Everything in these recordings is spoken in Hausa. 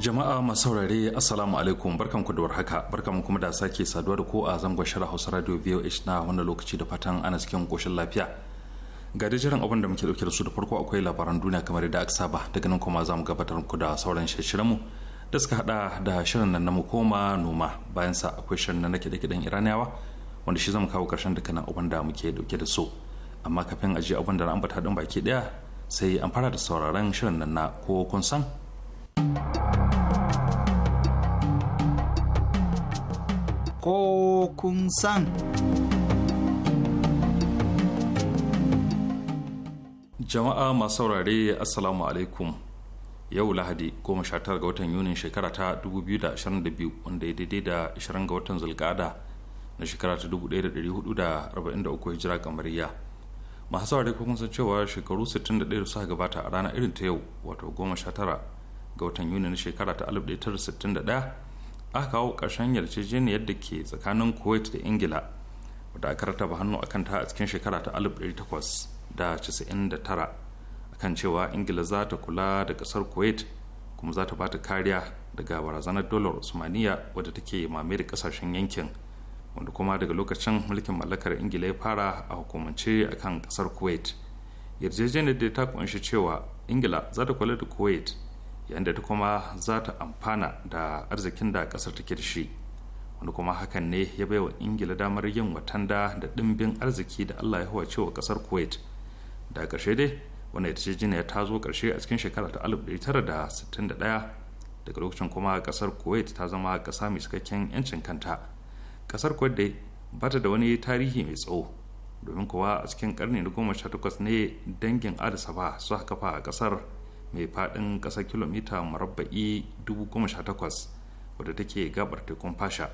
jama'a masu saurare assalamu alaikum barkan ku da warhaka barkan kuma da sake saduwa da ko a zangon shirin hausa radio voh na wannan lokaci da fatan ana cikin koshin lafiya ga jiran abin da muke dauke da su da farko akwai labaran duniya kamar da aka saba daga nan kuma za mu gabatar muku da sauran shirye mu da suka hada da shirin nan na koma noma bayan sa akwai shirin nan na kiɗe-kiɗen iraniyawa wanda shi zamu kawo karshen dukkanin abin da muke dauke da su amma kafin a aje abin da na ambata din baki daya sai an fara da sauraron shirin nan na ko kun san ko kun san. Jama'a masu saurare Assalamu alaikum. Yau Lahadi goma sha tara ga watan Yunin shekara ta 2022 wanda ya daidai da 20 ga watan Zulkada na shekara ta 1443 hijira kamariya. Masu saurare kun san cewa shekaru 61 da suka gabata a ranar irin ta yau wato goma sha tara ga watan Yuni na shekara ta 1961 aka kawo ƙarshen yarjejeniyar da ke tsakanin kuwait da ingila wadda aka rataba hannu a kanta a cikin shekara ta 1899 akan cewa ingila za ta kula da ƙasar kuwait kuma za ta ba ta kariya daga barazanar dolar usmaniya wadda take mame da kasashen yankin wanda kuma daga lokacin mulkin mallakar ingila ya fara a hukumance a kan ƙasar kuwait yarjejeniyar da ta kunshi cewa ingila za ta kula da kuwait yadda ta kuma za ta amfana da arzikin da kasar take da wani kuma hakan ne ya bai wa ingila damar yin watanda da ɗimbin arziki da allah ya huwace wa kasar kuwait da ƙarshe dai wanda ya ce jiniya ta zo ƙarshe a cikin shekara ta 1961 daga lokacin kuma kasar kuwait ta zama ƙasa mai cikakken 'yancin kanta kasar kuwait dai ba ta da wani tarihi mai tsawo domin kuwa a cikin karni na goma sha takwas ne dangin adisa ba su kafa a kasar mai faɗin ƙasar kilomita murabba'i 18,000 wadda take gabar tekun fasha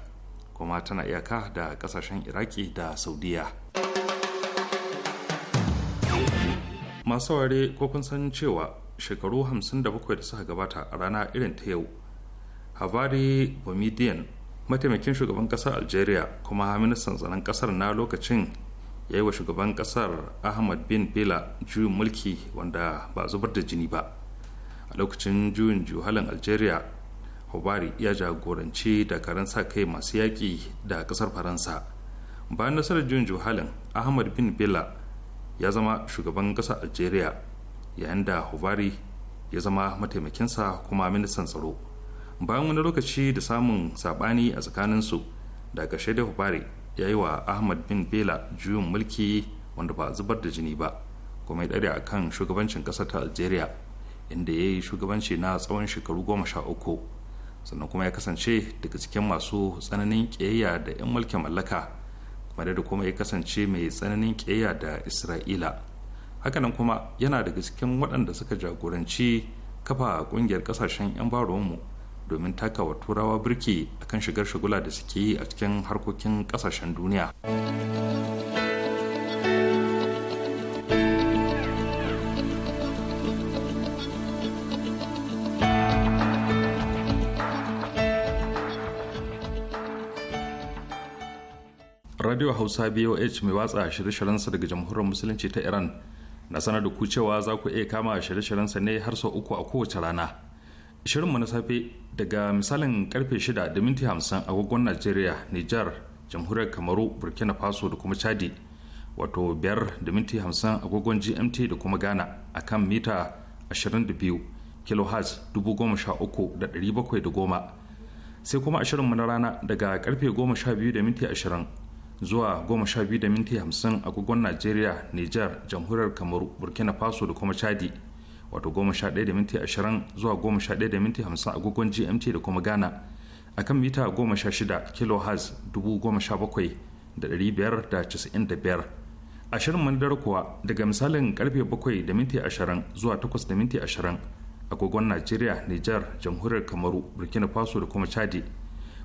kuma tana iyaka da ƙasashen iraki da saudiya masu ware ko kun san cewa shekaru 57 da suka gabata a rana irin ta yau habari bomidian mataimakin shugaban ƙasar algeria kuma ministan tsaron ƙasar na lokacin ya yi wa shugaban ƙasar ahmad bin bela juyin mulki wanda ba zubar da jini ba a lokacin juyin juhalin algeria hubari ya jagoranci dakarun sa kai masu yaƙi da ƙasar faransa bayan nasarar juyin juhalin ahmad bin bela ya zama shugaban ƙasar algeria yayin da hubari ya zama mataimakinsa kuma ministan tsaro bayan wani lokaci da samun saɓani a tsakaninsu da ƙarshe da hubari ya yi wa ahmad bin bela juyin mulki wanda ba zubar da jini ba kuma ya ɗare a kan shugabancin ƙasar ta algeria inda ya yi shugabanci na tsawon shekaru goma sha uku sannan kuma ya kasance daga cikin masu tsananin ƙiyayya da 'yan mulkin mallaka kuma da kuma ya kasance mai tsananin ƙiyayya da isra'ila hakanan kuma yana daga cikin waɗanda suka jagoranci kafa ƙungiyar ƙasashen 'yan baronmu domin taka wa turawa birki akan shigar shagula da suke yi a cikin harkokin ƙasashen duniya. radio hausa boh mai watsa shirye-shiryensa daga jamhuriyar musulunci ta iran na sanar da ku cewa za ku iya kama shirye-shiryensa ne har sau uku a kowace rana mu na safe daga misalin karfe shida da minti 50 agogon najeriya niger jamhuriyar kamaru burkina faso da kuma chadi wato 5 da minti 50 agogon gmt da kuma ghana a kan mita 22 kilohertz goma sai kuma ashirinmu na rana daga karfe sha biyu da minti ashirin zuwa goma sha biyu da minti hamsin agogon najeriya niger jamhuriyar kamaru burkina faso da kuma chadi wato goma sha ɗaya da zuwa goma sha ɗaya agogon gmt da kuma ghana a kan mita goma sha shida kilohertz dubu goma sha bakwai da ɗari biyar da da biyar ashirin manadar kuwa daga misalin karfe bakwai da minti ashirin zuwa takwas da minti ashirin agogon najeriya niger jamhuriyar kamaru burkina faso da kuma chadi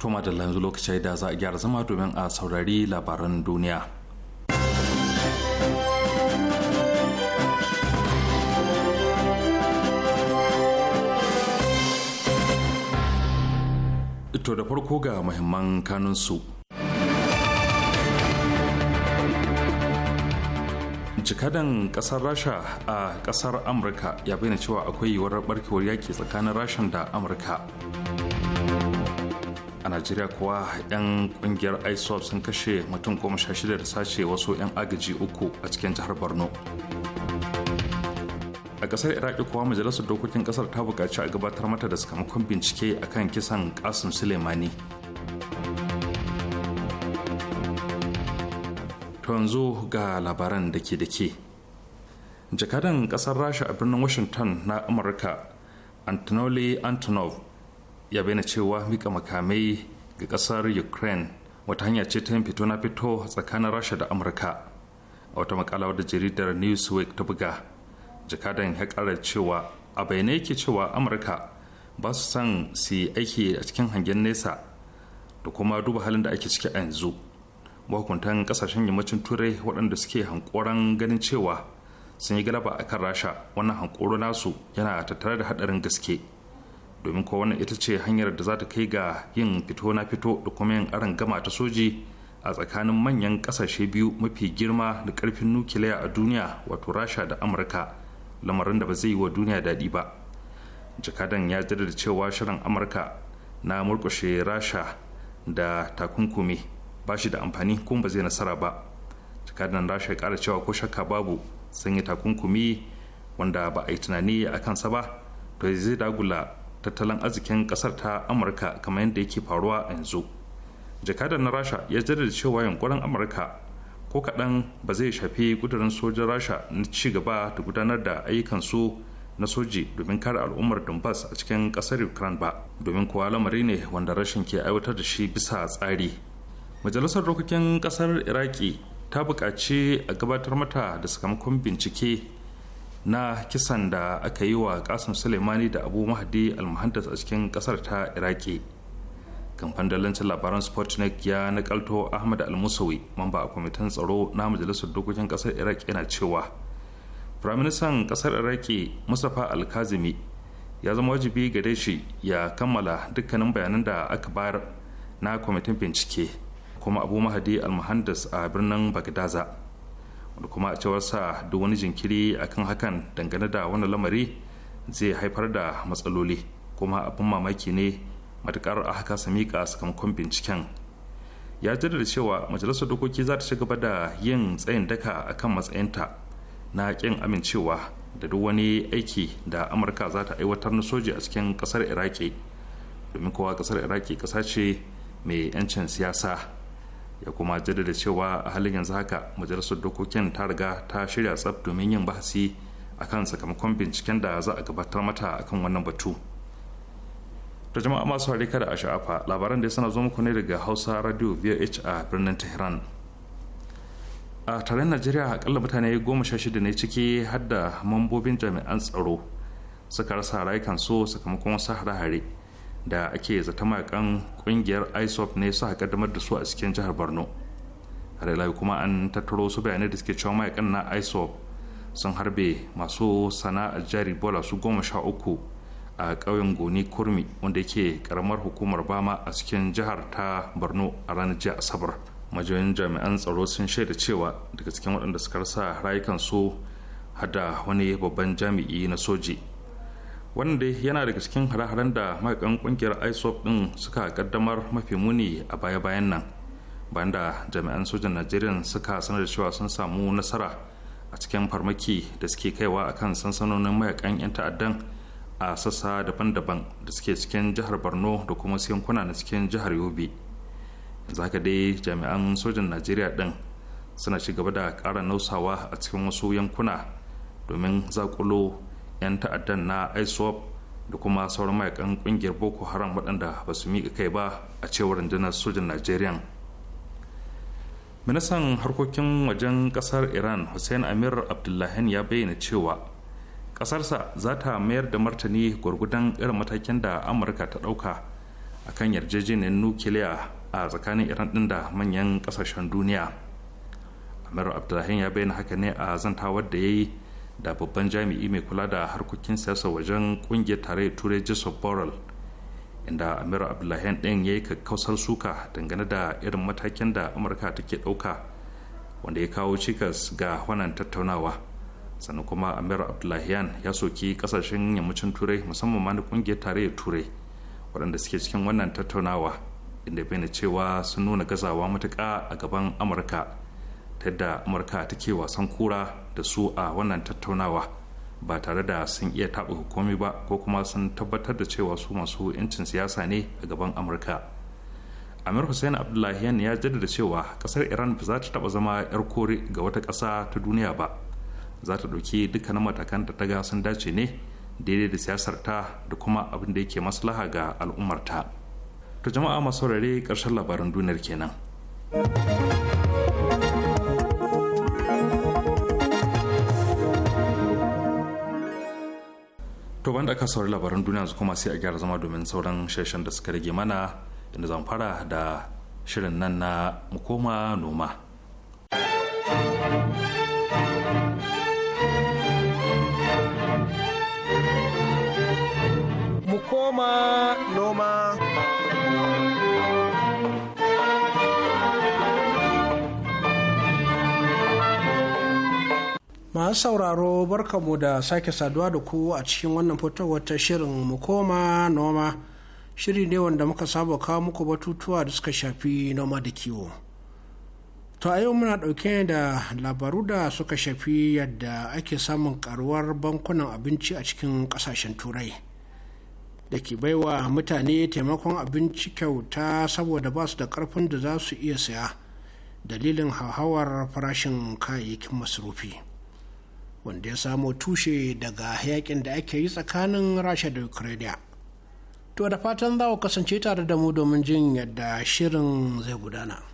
toma da yanzu lokaci da za a gyara zama domin a saurari labaran duniya to da farko ga muhimman kanunsu jikadan kasar rasha a kasar amurka ya bayyana cewa akwai yiwuwar barkewar yaki tsakanin rasha da amurka najeriya kuwa 'yan kungiyar ISOP sun kashe mutum goma sha shida da sace wasu 'yan agaji uku a cikin jihar borno a kasar iraki kuwa majalisar dokokin kasar ta buƙaci a gabatar mata da sakamakon bincike akan kisan Qasim suleimani to yanzu ga labaran da ke da ke jakadan kasar rasha a birnin washington na amurka antonoli antonov ya bayyana cewa mika makamai ga kasar ukraine wata hanya ce ta yin fito na fito tsakanin rasha da amurka a wata makala wadda jaridar newsweek ta buga jakadan ya kara cewa a bayyane yake cewa amurka ba su son su yi aiki a cikin hangen nesa da kuma duba halin da ake ciki a yanzu mahukuntan kasashen yammacin turai waɗanda suke hankoron ganin cewa sun yi galaba a kan rasha wannan hankoro nasu yana tattare da haɗarin gaske domin ko wannan ita ce hanyar da za ta kai ga yin fito na fito da kuma yin aron gama ta soji a tsakanin manyan kasashe biyu mafi girma da karfin nukiliya a duniya wato rasha da amurka lamarin da ba zai yi wa duniya daɗi ba jakadan ya jaddada cewa shirin amurka na murkushe rasha da takunkumi ba shi da amfani kuma ba zai nasara ba jakadan rasha ya ƙara cewa ko shakka babu sun takunkumi wanda ba a yi tunani a kansa ba to zai dagula tattalin arzikin kasar ta amurka kamar yadda yake faruwa a yanzu jakadar na rasha ya jaddada cewa yankunan amurka ko kaɗan ba zai shafi kudurin sojin rasha na ci gaba da gudanar da ayyukansu na soji domin kare al'ummar donbass a cikin ƙasar ukraine ba domin kuwa lamari ne wanda rashin ke aiwatar da shi bisa tsari majalisar dokokin ƙasar iraki ta buƙaci a gabatar mata da sakamakon bincike na kisan da aka yi wa kasim suleimani da abu mahdi almuhandas a cikin kasar ta iraki kamfan dalancin labaran sportnet ya nakalto ahmad almusawi mamba a kwamitin tsaro na majalisar dokokin kasar iraki yana cewa firaministan kasar iraki mustapha alkazimi ya zama wajibi gare shi ya kammala dukkanin bayanan da aka bayar na kwamitin bincike kuma abu mahdi almuhandas a birnin bagdaza da kuma a cewar sa duk wani jinkiri akan hakan dangane da wani lamari zai haifar da matsaloli kuma abin mamaki ne matukar a haka su miƙa sakamakon binciken ya da cewa majalisar dokoki za ta ci gaba da yin tsayin daka akan matsayinta na kin amincewa da duk wani aiki da amurka za ta aiwatar na soji a cikin ƙasar iraki domin kowa ƙasar iraki ƙasa ce mai 'yancin siyasa ya kuma jaddada cewa a halin yanzu haka majalisar dokokin ta riga ta shirya tsaf domin yin bahasi akan sakamakon binciken da za a gabatar mata akan wannan batu ta jama'a masu hari kada a sha'afa labaran da ya sana zo muku ne daga hausa radio vh a birnin tehran a taron najeriya akalla mutane goma sha shida ne ciki har da mambobin jami'an tsaro suka rasa rayukan so sakamakon wasu hare-hare da ake zata mayakan kungiyar isop ne suka damar da su a cikin jihar borno har kuma an tattaro su bayanai da suke cewa mayakan na isop sun harbe masu sana'ar jari bola su goma sha uku a ƙauyen goni kurmi wanda yake karamar hukumar bama a cikin jihar ta borno a ranar jiya asabar majiyoyin jami'an tsaro sun shaida cewa daga cikin waɗanda suka rasa rayukansu hada wani babban jami'i na soji wanda yana daga cikin hare-haren da mayakan kungiyar isop din suka kaddamar mafi muni a baya-bayan nan banda jami'an sojan najeriya suka sanar da cewa sun samu nasara a cikin farmaki da suke kaiwa a kan sansanonin mayakan 'yan ta'addan a sassa daban-daban da suke cikin jihar borno da kuma yankuna na cikin jihar yobe yanzu haka dai jami'an sojan najeriya din suna ci gaba da ƙara nausawa a cikin wasu yankuna domin zakulo 'yan ta'addan na isop da kuma sauran mayakan kungiyar boko haram waɗanda ba su miƙa kai ba a cewar rundunar sojan najeriya ministan harkokin wajen ƙasar iran hussein amir abdullahian ya bayyana cewa ƙasarsa za ta mayar da martani gwargudan irin matakin da amurka ta ɗauka a kan yarjejeniyar nukiliya a tsakanin iran ɗin da manyan ƙasashen duniya amir abdullahian ya bayyana haka ne a zantawar da ya yi da babban jami'i mai kula da harkokin siyasa wajen kungiyar tarayyar turai joseph borrell inda amir abdullahian ɗin ya yi kakkausar suka dangane da irin matakin da amurka take ɗauka wanda ya kawo cikas ga wannan tattaunawa sannan kuma amir abdullahian ya soki kasashen yammacin turai musamman ma na kungiyar tarayyar turai waɗanda suke cikin wannan tattaunawa inda bai cewa sun nuna gazawa matuka a gaban amurka ta yadda amurka take wasan kura da su a wannan tattaunawa ba tare da sun iya taɓa hukumi ba ko kuma sun tabbatar da cewa su masu 'yancin siyasa ne a gaban amurka amir hussein yan ya jaddada cewa ƙasar iran ba za ta taɓa zama 'yar kore ga wata ƙasa ta duniya ba za ta ɗauki dukkanin matakan da ta ga sun dace ne daidai da siyasar ta da kuma abin da yake maslaha ga al'ummarta to jama'a masu rare ƙarshen labaran duniyar kenan. to banda aka saurari labaran duniya su kuma sai a gyara zama domin sauran sheshen da suka rage mana inda zan fara da shirin nan na mukoma noma mukoma masu sauraro barkamu da sake saduwa da ku a cikin wannan fitowar ta shirin mu koma noma shiri ne wanda muka saba kawo muku batutuwa da suka shafi noma da kiwo to a yau muna ɗauke da labaru da suka shafi yadda ake samun karuwar bankunan abinci a cikin ƙasashen turai da ke baiwa mutane taimakon abinci kyauta saboda ba su da karfin da za su iya saya dalilin hauhawar farashin kayayyakin masarufi. wanda ya samo tushe daga yakin da ake yi tsakanin rasha da ukraine to da fatan za ku kasance tare da mu domin jin yadda shirin zai gudana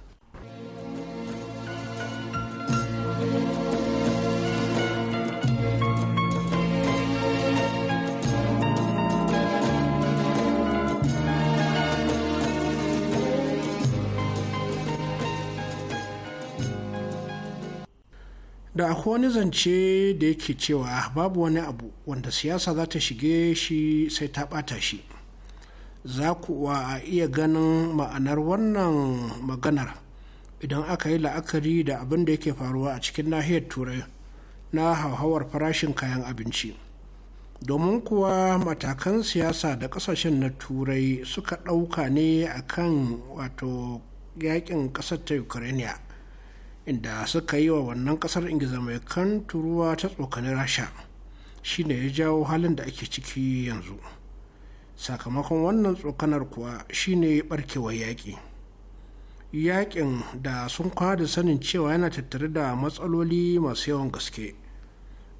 da akwai wani zance da yake cewa babu wani abu wanda siyasa za ta shige shi sai ta ɓata shi za kuwa iya ganin ma'anar wannan maganar idan aka yi la'akari da abin da yake faruwa a cikin nahiyar turai na hauhawar farashin kayan abinci domin kuwa matakan siyasa da kasashen na turai suka ɗauka ne akan wato yakin ƙasar ta ukraine inda suka yi wa wannan kasar ingiza mai kan turuwa ta tsokanin rasha shine ya jawo halin da ake ciki yanzu sakamakon wannan tsokanar kuwa shine wa yaƙi yaƙin da sun da sanin cewa yana tattare da matsaloli masu yawan gaske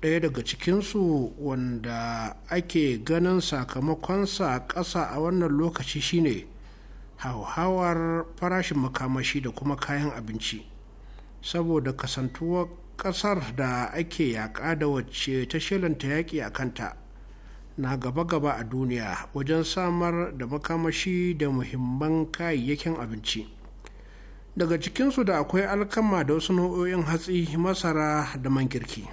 ɗaya daga cikinsu wanda ake ganin sakamakonsa ƙasa a wannan lokaci shine hauhawar farashin makamashi da kuma kayan abinci saboda kasantuwar ƙasar da ake yaƙa da wacce ta shelanta yaƙi a kanta na gaba-gaba a duniya wajen samar da makamashi da muhimman kayayyakin abinci daga cikinsu da akwai alkama da wasu nau'o'in hatsi masara da man girki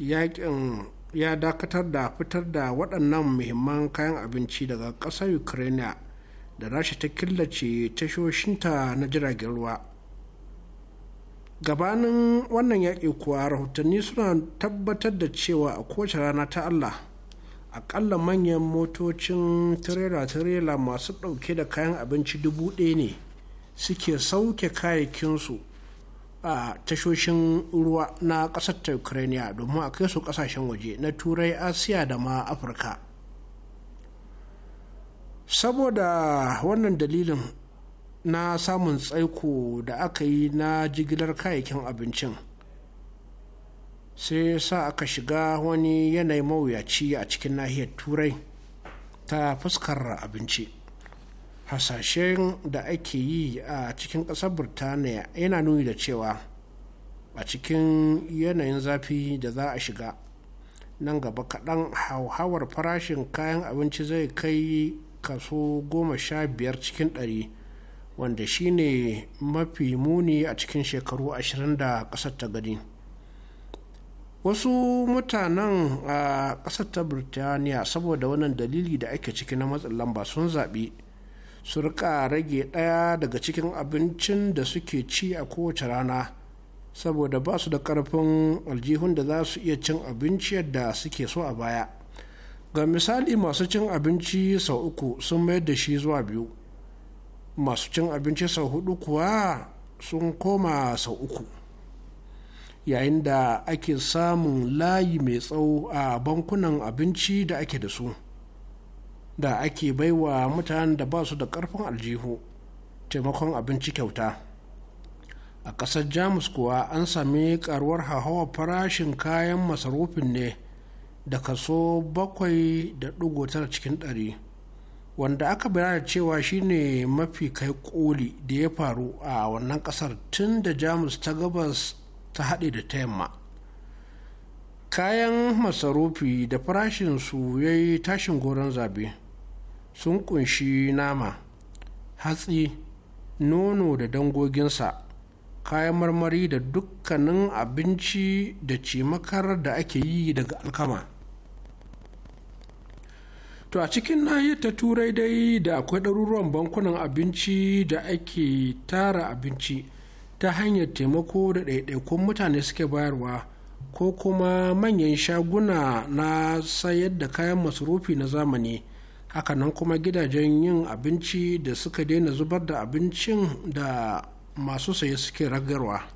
yaƙin ya dakatar da fitar da waɗannan muhimman kayan abinci daga ƙasar ukraine da rasha ta killace tashoshinta na jiragen ruwa gabanin wannan yaƙi kuwa rahotanni suna tabbatar da cewa a kowace rana ta allah akalla manyan motocin tirela-tirela masu ɗauke da kayan abinci dubu ɗaya ne suke sauke kayayyakinsu a tashoshin ruwa na ƙasar ta ukraine domin a kai su ƙasashen waje na turai asiya da ma afirka saboda wannan dalilin na samun tsaiko da aka yi na jigilar kayayyakin abincin sai sa aka shiga wani yanayi mawuyaci a cikin nahiyar turai ta fuskar abinci hasashen da ake yi a cikin ƙasar Birtaniya yana nuni da cewa a cikin yanayin zafi da za a shiga nan gaba kaɗan hauhawar farashin kayan abinci zai kai kaso goma sha biyar cikin ɗari wanda shi ne mafi muni a cikin shekaru ashirin da ƙasar ta gani wasu mutanen a ƙasar ta birtaniya saboda wannan dalili da ake ciki na matsin lamba sun zaɓi su rika rage ɗaya daga cikin abincin da suke ci a kowace rana saboda ba su da ƙarfin aljihun da za su iya cin abinci yadda suke so a baya ga misali masu cin abinci sau uku sun mayar da shi zuwa biyu masu cin abinci sau hudu kuwa sun koma sau uku yayin da ake samun layi mai tsawo a bankunan abinci da ake da su da ake baiwa mutanen da ba su da karfin aljihu taimakon abinci kyauta a ƙasar jamus kuwa an sami karuwar hawa farashin kayan masarufin ne da kaso 7.9 cikin ɗari. wanda aka bayyana cewa shine mafi kai koli da ya faru a wannan kasar tun da jamus ta gabas ta haɗe da ta yamma kayan masarufi da farashinsu ya yi tashin goron zabe sun kunshi nama hatsi nono da dangoginsa kayan marmari da dukkanin abinci da cimakar da ake yi daga alkama to a cikin nahiyar ta turai dai da akwai ɗaruruwan bankunan abinci da ake tara abinci ta hanyar taimako da ɗaiɗaikun mutane suke bayarwa ko kuma manyan shaguna na sayar da kayan masarufi na zamani hakanan kuma gidajen yin abinci da suka daina zubar da abincin da masu saye suke ragarwa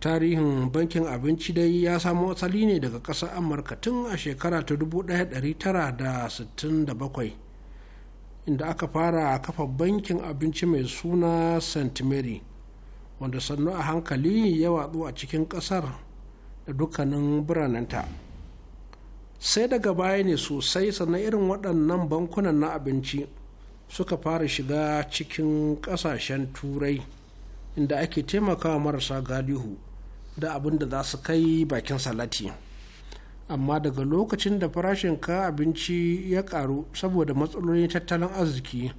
tarihin bankin abinci dai ya samo asali ne daga ƙasar amurka tun a shekara ta 1967 inda aka fara kafa bankin abinci mai suna st mary wanda sannu a hankali ya watsu a cikin ƙasar da dukkanin biranenta sai daga baya ne sosai sannan irin waɗannan bankunan na abinci suka fara shiga cikin ƙasashen turai inda ake taimakawa marasa galihu da abin da za su kai bakin salati amma daga lokacin da farashin ka abinci ya karu saboda matsalolin tattalin arziki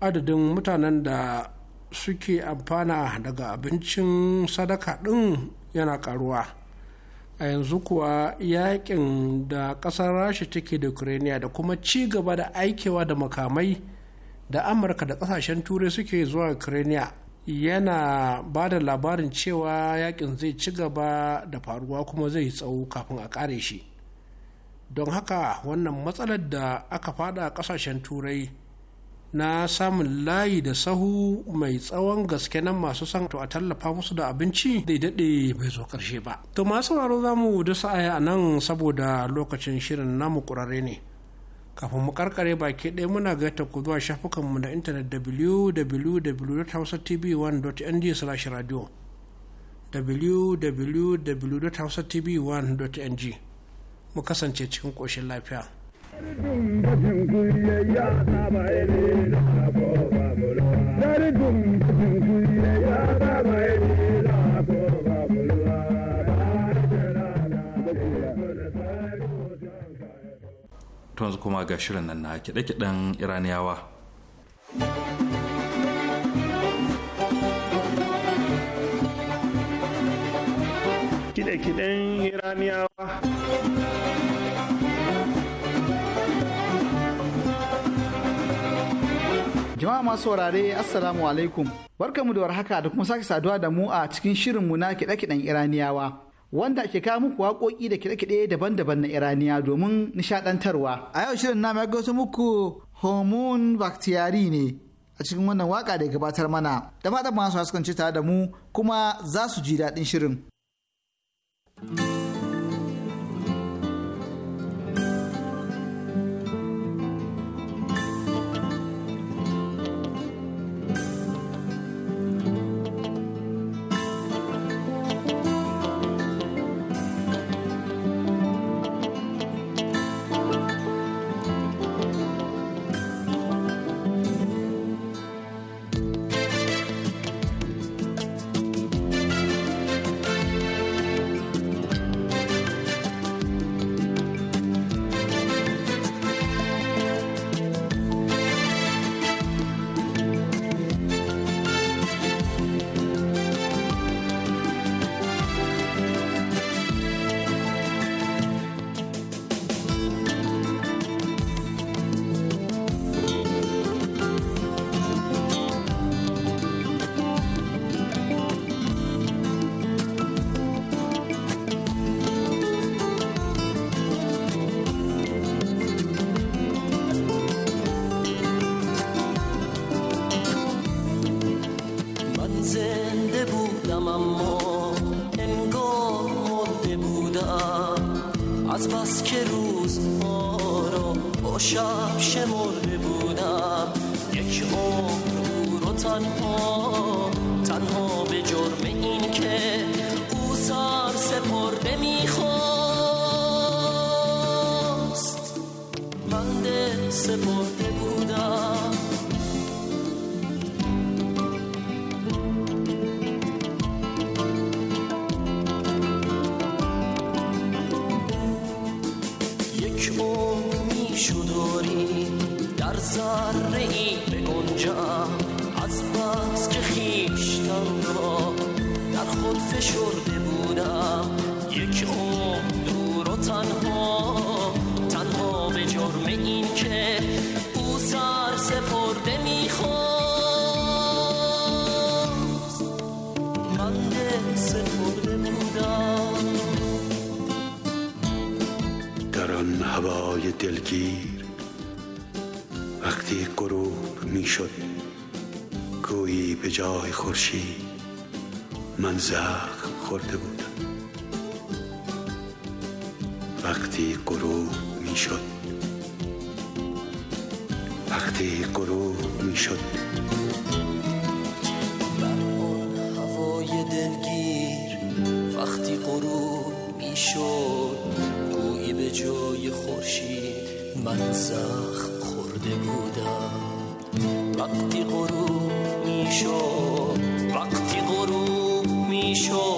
adadin mutanen da suke amfana daga abincin sadaka ɗin yana karuwa a yanzu kuwa yakin da ƙasar rasha take da ukraine da kuma ci gaba da aikewa da makamai da amurka da ƙasashen turai suke zuwa ukraine yana ba da labarin cewa yakin zai ci gaba da faruwa kuma zai tsawo kafin a kare shi don haka wannan matsalar da aka fada a kasashen turai na samun layi da sahu mai tsawon gaske nan masu son to a tallafa musu da abinci da daɗe bai zo karshe ba to masu sauraro za mu dasa aya a nan saboda lokacin shirin namu ƙurare ne kafin mu karkare baki ɗaya muna gaita ku zuwa shafukanmu na intanet www.hausatv1.ng slash radio www.hausatv1.ng mu kasance cikin ƙoshin lafiya. Dari dum dum kuyi ya yanzu kuma ga shirin nan na kiɗe-kiɗen iraniyawa kiɗe-kiɗen iraniyawa jama'a masu saurare assalamu alaikum barkamu da warhaka da kuma sake saduwa da mu a cikin shirinmu na kiɗe-kiɗen iraniyawa wanda ke kawo muku waƙoƙi da kiɗe-kiɗe daban-daban na iraniya domin nishaɗantarwa a yau shirin nama ya gaso muku homon baktiyari ne a cikin wannan waƙa da ya gabatar mana da fatan masu haskanci tare da mu kuma za su ji daɗin shirin. زخم خورده بودم وقتی غروب میشد وقتی غروب میشد هوای دلگیر وقتی غروب میشد گویی به جای خورشید من زخم خورده بودم وقتی غروب میشد sure.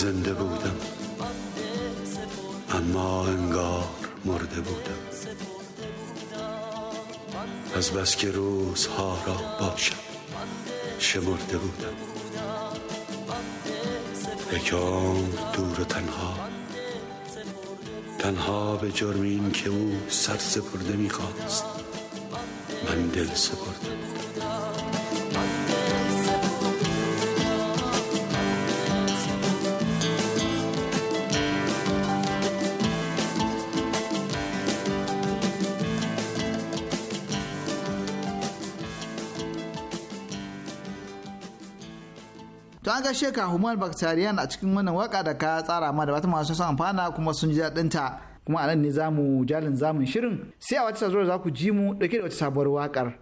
زنده بودم اما انگار مرده بودم از بس که روزها را باشم شمرده بودم یک دور و تنها تنها به جرم که او سر سپرده میخواست من دل سپرده gaishe ka Human Bacterian a cikin wannan waka da ka tsara ma da fatan masu son amfana kuma sun ji daɗin ta. Kuma a nan ne zamu jalin zamun shirin sai a wata sazuwar za ku ji mu dauke da wata sabuwar wakar.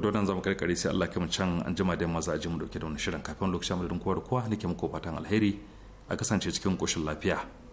to dole zamu karkare sai Allah mu can an jima da maza a ji mu dauke da wani shirin kafin lokacin mu da kowa da kowa nake muku fatan alheri a kasance cikin koshin lafiya